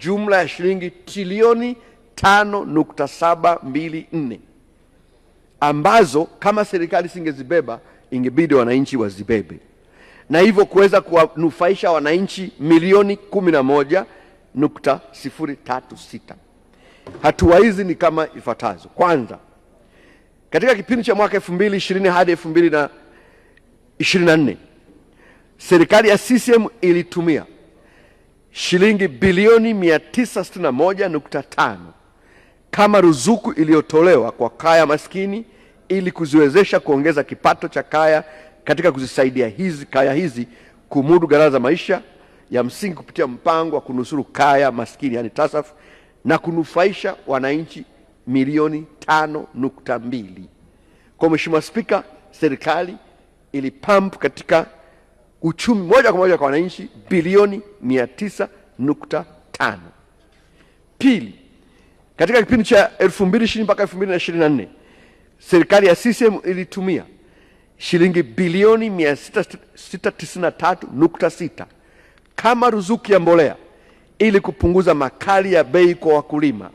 jumla ya shilingi trilioni 5.724 ambazo kama serikali singezibeba ingebidi wananchi wazibebe na hivyo kuweza kuwanufaisha wananchi milioni 11.036. Hatua hizi ni kama ifuatazo. Kwanza, katika kipindi cha mwaka 2020 hadi 2024 serikali ya CCM ilitumia shilingi bilioni 961.5 kama ruzuku iliyotolewa kwa kaya maskini ili kuziwezesha kuongeza kipato cha kaya katika kuzisaidia hizi kaya hizi kumudu gharama za maisha ya msingi kupitia mpango wa kunusuru kaya maskini yani TASAF na kunufaisha wananchi milioni 5.2. Kwa Mheshimiwa Spika, serikali ilipampu katika uchumi moja kwa moja kwa wananchi bilioni mia nukta tano. Pili, katika kipindi cha 2020 mpaka 2024 serikali ya CCM ilitumia shilingi bilioni 693.6 kama ruzuku ya mbolea ili kupunguza makali ya bei kwa wakulima